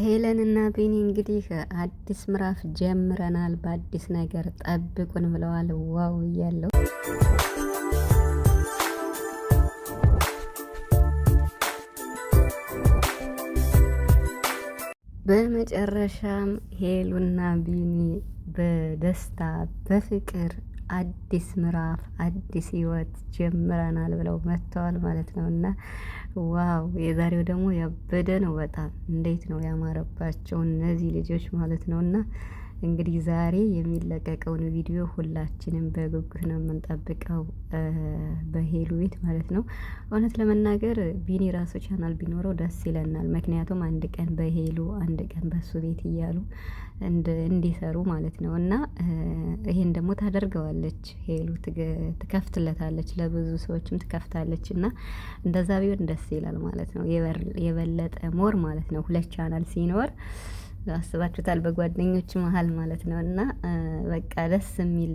ሄለን ቢኒ እንግዲህ አዲስ ምዕራፍ ጀምረናል፣ በአዲስ ነገር ጠብቁን ብለዋል። ዋው እያለው በመጨረሻም ሄሉና ቢኒ በደስታ በፍቅር አዲስ ምዕራፍ አዲስ ህይወት ጀምረናል ብለው መጥተዋል ማለት ነው። እና ዋው የዛሬው ደግሞ ያበደ ነው። በጣም እንዴት ነው ያማረባቸው እነዚህ ልጆች ማለት ነው እና እንግዲህ ዛሬ የሚለቀቀውን ቪዲዮ ሁላችንም በጉጉት ነው የምንጠብቀው፣ በሄሉ ቤት ማለት ነው። እውነት ለመናገር ቢኒ ራሱ ቻናል ቢኖረው ደስ ይለናል። ምክንያቱም አንድ ቀን በሄሉ አንድ ቀን በሱ ቤት እያሉ እንዲሰሩ ማለት ነው። እና ይሄን ደግሞ ታደርገዋለች ሄሉ፣ ትከፍትለታለች፣ ለብዙ ሰዎችም ትከፍታለች። እና እንደዛ ቢሆን ደስ ይላል ማለት ነው፣ የበለጠ ሞር ማለት ነው። ሁለት ቻናል ሲኖር አስባችሁታል? በጓደኞች መሀል ማለት ነው። እና በቃ ደስ የሚል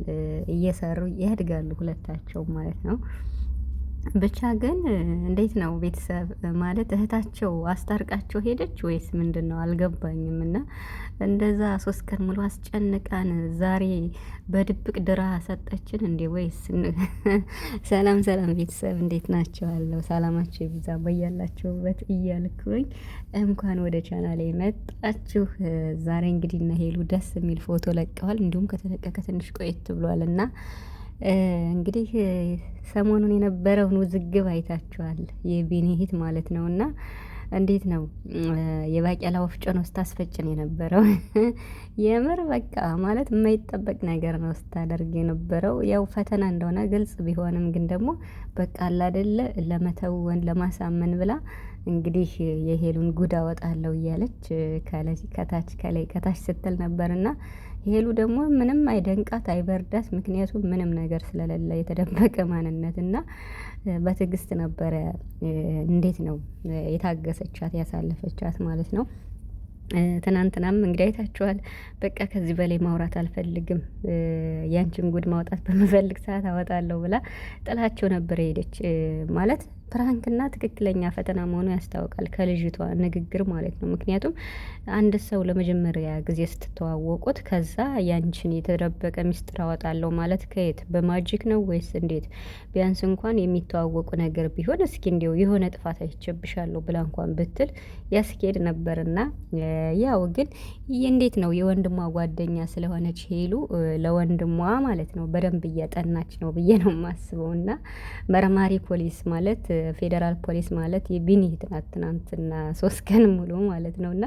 እየሰሩ ያድጋሉ ሁለታቸው ማለት ነው። ብቻ ግን እንዴት ነው ቤተሰብ ማለት እህታቸው አስታርቃቸው ሄደች ወይስ ምንድን ነው አልገባኝም። እና እንደዛ ሶስት ቀን ሙሉ አስጨንቃን ዛሬ በድብቅ ድራ ሰጠችን እንዴ ወይስ? ሰላም ሰላም ቤተሰብ እንዴት ናቸው አለው። ሰላማቸው ይብዛ በያላችሁበት እያልኩኝ እንኳን ወደ ቻናሌ መጣችሁ። ዛሬ እንግዲህ እነ ሄሉ ደስ የሚል ፎቶ ለቀዋል። እንዲሁም ከተለቀቀ ትንሽ ቆየት ብሏል እና እንግዲህ ሰሞኑን የነበረውን ውዝግብ አይታችኋል። የቢኒሂት ማለት ነው እና እንዴት ነው የባቄላ ወፍጮ ነው ስታስፈጭን የነበረው? የምር በቃ ማለት የማይጠበቅ ነገር ነው ስታደርግ የነበረው። ያው ፈተና እንደሆነ ግልጽ ቢሆንም ግን ደግሞ በቃ አላደለ ለመተወን ለማሳመን ብላ እንግዲህ የሄሉን ጉድ አወጣለሁ እያለች ከታች ከላይ ከታች ስትል ነበርና ሄሉ ደግሞ ምንም አይደንቃት አይበርዳት፣ ምክንያቱም ምንም ነገር ስለሌለ የተደበቀ ማንነት እና በትዕግስት ነበረ። እንዴት ነው የታገሰቻት ያሳለፈቻት ማለት ነው። ትናንትናም እንግዲህ አይታችኋል። በቃ ከዚህ በላይ ማውራት አልፈልግም፣ ያንቺን ጉድ ማውጣት በምፈልግ ሰዓት አወጣለሁ ብላ ጥላቸው ነበር የሄደች ማለት ፕራንክና ትክክለኛ ፈተና መሆኑ ያስታውቃል ከልጅቷ ንግግር ማለት ነው። ምክንያቱም አንድ ሰው ለመጀመሪያ ጊዜ ስትተዋወቁት ከዛ ያንችን የተደበቀ ሚስጥር አወጣለሁ ማለት ከየት በማጅክ ነው ወይስ እንዴት? ቢያንስ እንኳን የሚተዋወቁ ነገር ቢሆን እስኪ እንዲው የሆነ ጥፋት አይቸብሻለሁ ብላ እንኳን ብትል ያስኬድ ነበርና ያው ግን እንዴት ነው የወንድሟ ጓደኛ ስለሆነች ሄሉ ለወንድሟ ማለት ነው በደንብ እያጠናች ነው ብዬ ነው የማስበው። እና መርማሪ ፖሊስ ማለት ፌዴራል ፖሊስ ማለት የቢኒት ናት። ትናንትና ሶስት ቀን ሙሉ ማለት ነው እና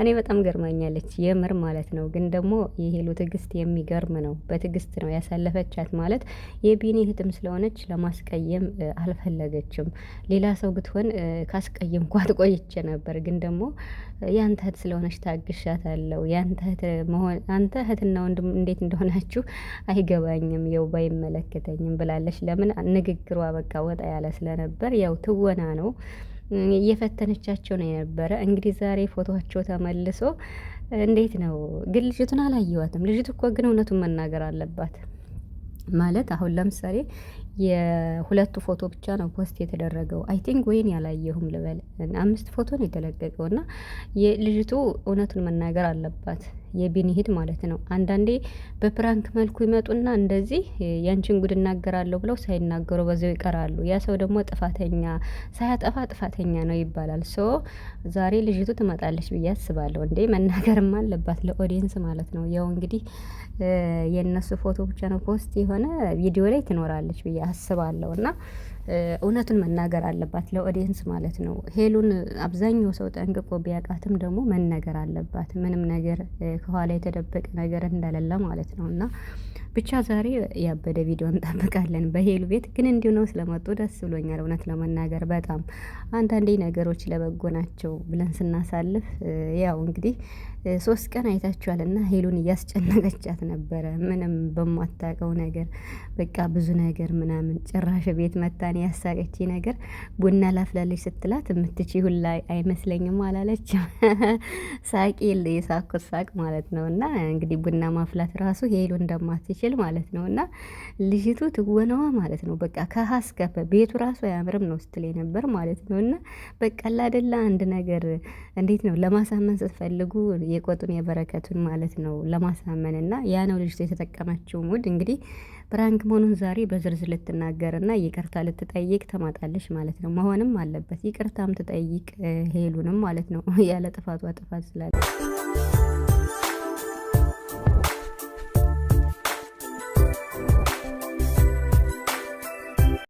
እኔ በጣም ገርማኛለች የምር ማለት ነው። ግን ደግሞ የሄሉ ትዕግስት የሚገርም ነው። በትዕግስት ነው ያሳለፈቻት ማለት የቢኒ እህትም ስለሆነች ለማስቀየም አልፈለገችም። ሌላ ሰው ብትሆን ካስቀየምኳት ቆይቼ ነበር ግን ደግሞ ያንተ እህት ስለሆነች ታግሻታለሁ። ያንተ እህት መሆን አንተ እህትና ወንድም እንዴት እንደሆናችሁ አይገባኝም፣ የው ባይመለከተኝም ብላለች። ለምን ንግግሯ በቃ ወጣ ያለ ስለነበር ያው ትወና ነው እየፈተነቻቸው ነው የነበረ። እንግዲህ ዛሬ ፎቶቸው ተመልሶ እንዴት ነው ግን ልጅቱን አላየዋትም። ልጅቱ እኮ ግን እውነቱን መናገር አለባት ማለት አሁን ለምሳሌ የሁለቱ ፎቶ ብቻ ነው ፖስት የተደረገው። አይ ቲንክ ወይን ያላየሁም ልበል አምስት ፎቶ ነው የተለቀቀው እና ልጅቱ እውነቱን መናገር አለባት። የቢኒሂድ ማለት ነው። አንዳንዴ በፕራንክ መልኩ ይመጡና እንደዚህ ያንቺን ጉድ እናገራለሁ ብለው ሳይናገሩ በዚያው ይቀራሉ። ያ ሰው ደግሞ ጥፋተኛ ሳያጠፋ ጥፋተኛ ነው ይባላል። ሶ ዛሬ ልጅቱ ትመጣለች ብዬ አስባለሁ። እንዴ መናገርም አለባት ለኦዲየንስ ማለት ነው። ያው እንግዲህ የእነሱ ፎቶ ብቻ ነው ፖስት የሆነ ቪዲዮ ላይ ትኖራለች ብዬ አስባለሁ እና እውነቱን መናገር አለባት ለኦዲየንስ ማለት ነው። ሄሉን አብዛኛው ሰው ጠንቅቆ ቢያውቃትም ደግሞ መነገር አለባት ምንም ነገር ከኋላ የተደበቀ ነገር እንደሌለ ማለት ነው። እና ብቻ ዛሬ ያበደ ቪዲዮ እንጠብቃለን በሄሉ ቤት። ግን እንዲሁ ነው ስለመጡ ደስ ብሎኛል እውነት ለመናገር በጣም አንዳንዴ ነገሮች ለበጎ ናቸው ብለን ስናሳልፍ ያው እንግዲህ ሶስት ቀን አይታችኋል እና ሄሉን እያስጨነቀቻት ነበረ ምንም በማታውቀው ነገር በቃ ብዙ ነገር ምናምን ጭራሽ ቤት መታኔ ያሳቀች ነገር ቡና ላፍላለች ስትላት የምትች ሁላ አይመስለኝም አላለችም። ሳቂ የሳኩት ሳቅ ማለት ነው። እና እንግዲህ ቡና ማፍላት ራሱ ሄሎ እንደማትችል ማለት ነው። እና ልጅቱ ትወነዋ ማለት ነው። በቃ ከሀስከፈ ቤቱ ራሱ አያምርም ነው ስትል ነበር ማለት ነው። እና በቃ ላደላ አንድ ነገር እንዴት ነው ለማሳመን ስትፈልጉ የቆጡን የበረከቱን ማለት ነው ለማሳመን እና ያ ነው ልጅቱ የተጠቀመችው ሙድ እንግዲህ ፕራንክ መሆኑን ዛሬ በዝርዝር ልትናገርና እና ይቅርታ ልት ትጠይቅ ትመጣለች ማለት ነው። መሆንም አለበት ይቅርታም ትጠይቅ ሄሉንም ማለት ነው ያለ ጥፋቷ ጥፋት ስላለ